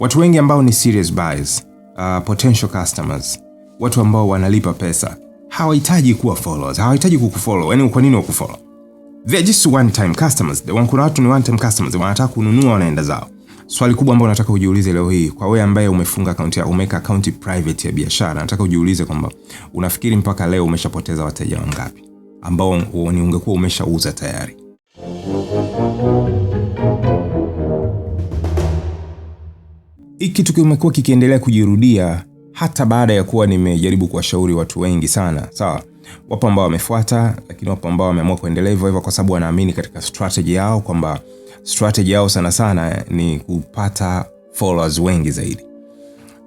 Watu wengi ambao ni serious buyers, uh, potential customers, watu ambao wanalipa pesa hawahitaji kuwa followers, hawahitaji kukufollow. Yani kwa nini wakufollow? They are just one time customers. Kuna watu ni one time customers, wanataka kununua wanaenda zao. Swali kubwa ambalo nataka ujiulize leo hii kwa wewe ambaye umefunga akaunti ya umeweka akaunti private ya biashara, nataka ujiulize kwamba unafikiri mpaka leo umeshapoteza wateja wangapi ambao ungekuwa umeshauza tayari? Hiki kitu kimekuwa kikiendelea kujirudia hata baada ya kuwa nimejaribu kuwashauri watu wengi sana, sawa. Wapo ambao wamefuata, lakini wapo ambao wameamua kuendelea hivyo hivyo kwa sababu wanaamini katika strategy yao, kwamba strategy yao sana sana ni kupata followers wengi zaidi.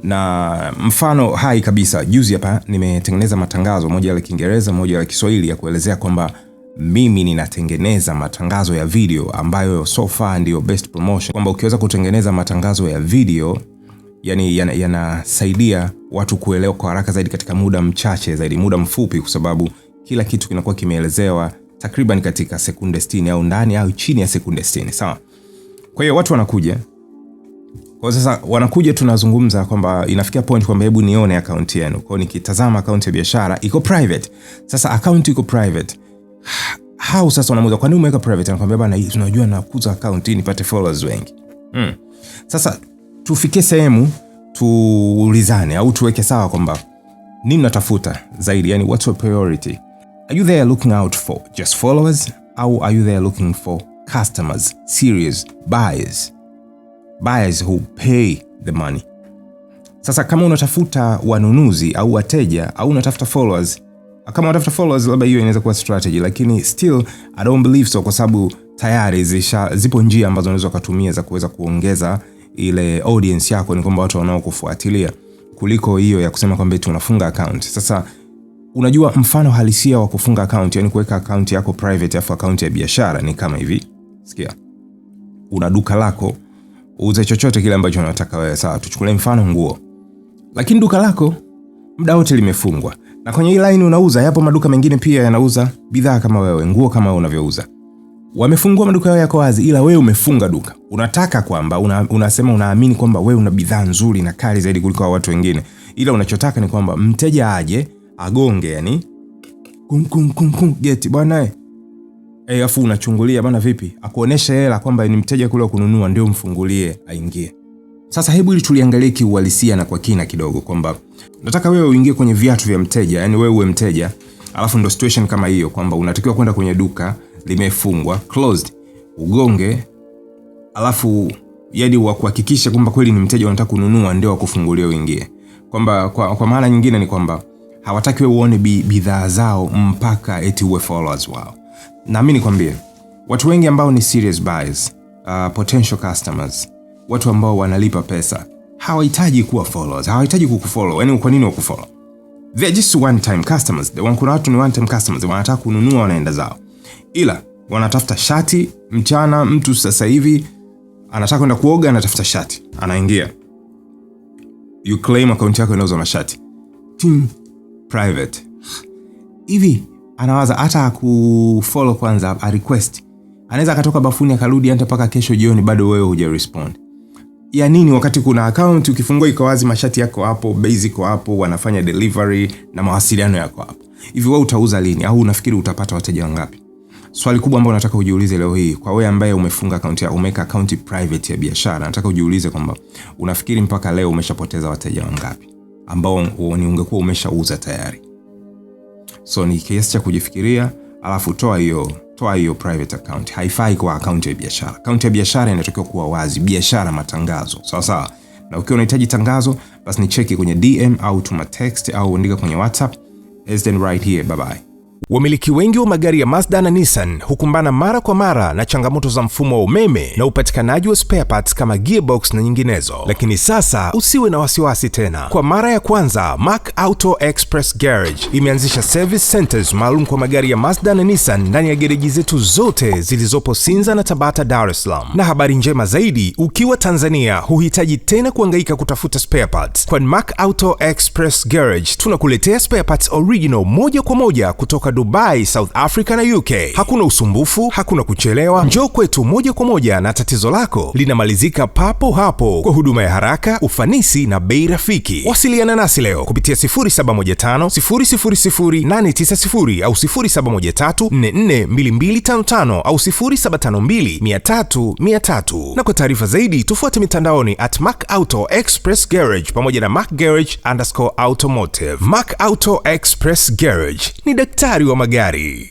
Na mfano hai kabisa, juzi hapa nimetengeneza matangazo, moja la Kiingereza, moja la Kiswahili, ya kuelezea kwamba mimi ninatengeneza matangazo ya video ambayo so far ndiyo best promotion, kwamba ukiweza kutengeneza matangazo ya video yani yanasaidia yana watu kuelewa kwa haraka zaidi katika muda mchache zaidi, muda mfupi, kwa sababu kila kitu kinakuwa kimeelezewa takriban katika sekunde 60 au ndani au chini ya sekunde 60, sawa. Kwa hiyo watu wanakuja kwa sasa, wanakuja tunazungumza kwamba inafikia point kwamba hebu nione akaunti yenu. Kwa hiyo nikitazama akaunti ya biashara iko private. Sasa akaunti iko private hao sasa wanamuuliza kwa nini umeweka private, anakuambia bana, tunajua nakuza account hii nipate followers wengi. Hmm. Sasa tufikie sehemu tuulizane au tuweke sawa kwamba nini natafuta zaidi, yani what's your priority? Are you there looking out for just followers au are you there looking for customers, serious buyers? Buyers who pay the money. Sasa kama unatafuta wanunuzi au wateja au unatafuta followers kama watafuta followers, labda hiyo inaweza kuwa strategy, lakini still I don't believe so, kwa sababu tayari zisha, zipo njia ambazo unaweza kutumia za kuweza kuongeza ile audience yako, ni kwamba watu wanaokufuatilia kuliko hiyo ya kusema kwamba eti unafunga account. Sasa unajua mfano halisia wa kufunga account, yani kuweka account yako private afu account ya biashara ni kama hivi. Sikia, una duka lako uuze chochote kile ambacho unataka wewe, sawa? Tuchukulie mfano nguo, lakini duka lako muda wote limefungwa na kwenye hii line unauza, yapo maduka mengine pia yanauza bidhaa kama wewe, nguo kama wewe unavyouza. Wamefungua maduka yao yako wazi, ila wewe umefunga duka. Unataka kwamba una, unasema unaamini kwamba wewe una bidhaa nzuri na kali zaidi kuliko watu wengine, ila unachotaka ni kwamba mteja aje agonge, yani kum kum kum kum geti bwana eh, afu unachungulia bana, vipi, akuoneshe hela kwamba ni mteja kule kununua, ndio mfungulie aingie. Sasa hebu ili tuliangalie kiuhalisia na kwa kina kidogo, kwamba nataka wewe uingie kwenye viatu vya mteja, yani wewe uwe mteja, alafu ndo situation kama hiyo, kwamba unatakiwa kwenda kwenye duka limefungwa closed, ugonge, alafu yani wa kuhakikisha kwamba kweli ni mteja unataka kununua, ndio wakufungulia uingie. Kwamba kwa, kwa maana nyingine ni kwamba hawataki wewe uone bidhaa zao mpaka eti uwe followers wao. Naamini kwambie watu wengi ambao ni serious buyers, uh, potential customers watu ambao wanalipa pesa hawahitaji kuwa followers, hawahitaji kukufollow. Yaani kwa nini wakufollow? They are just one time customers. Kuna watu ni one time customers, wanataka kununua wanaenda zao. Ila wanatafuta shati mchana, mtu sasa hivi anataka kwenda kuoga, anatafuta shati, anaingia. You claim account yako inauza mashati. Team private. Hivi anawaza hata kufollow kwanza a request. Anaweza akatoka bafuni akarudi hata mpaka kesho jioni bado wewe hujarespond ya nini wakati kuna account ukifungua iko wazi, mashati yako hapo, base iko hapo, wanafanya delivery na mawasiliano yako hapo. Hivi wewe utauza lini au unafikiri utapata wateja wangapi? Swali kubwa ambalo nataka ujiulize leo hii kwa wewe ambaye umefunga account ya umeka account private ya biashara, nataka ujiulize kwamba unafikiri mpaka leo umeshapoteza wateja wangapi ambao ni ungekuwa umeshauza tayari. So ni kiasi cha kujifikiria, alafu toa hiyo toa hiyo private account, haifai kwa account ya biashara. Account ya biashara inatakiwa kuwa wazi, biashara, matangazo, sawa sawa. Na ukiwa unahitaji tangazo, basi ni cheki kwenye DM au tuma text au andika kwenye WhatsApp. It's then right here. Bye bye. Wamiliki wengi wa magari ya Mazda na Nissan hukumbana mara kwa mara na changamoto za mfumo wa umeme na upatikanaji wa spare parts kama gearbox na nyinginezo, lakini sasa usiwe na wasiwasi tena. Kwa mara ya kwanza, Mark Auto Express Garage imeanzisha service centers maalum kwa magari ya Mazda na Nissan ndani ya gereji zetu zote zilizopo Sinza na Tabata, Dar es Salaam. Na habari njema zaidi, ukiwa Tanzania huhitaji tena kuangaika kutafuta spare parts, kwani Mark Auto Express Garage tunakuletea spare parts original moja kwa moja kutoka kutoka Dubai, South Africa na UK. Hakuna usumbufu, hakuna kuchelewa. Njoo kwetu moja kwa moja na tatizo lako linamalizika papo hapo kwa huduma ya haraka, ufanisi na bei rafiki. Wasiliana nasi leo kupitia 0715 000 au 0713 442255 au 0752 300. Na kwa taarifa zaidi tufuate mitandaoni at Mac Auto Express Garage pamoja na Mac Garage underscore automotive. Mac Auto Express Garage ni daktari wa magari.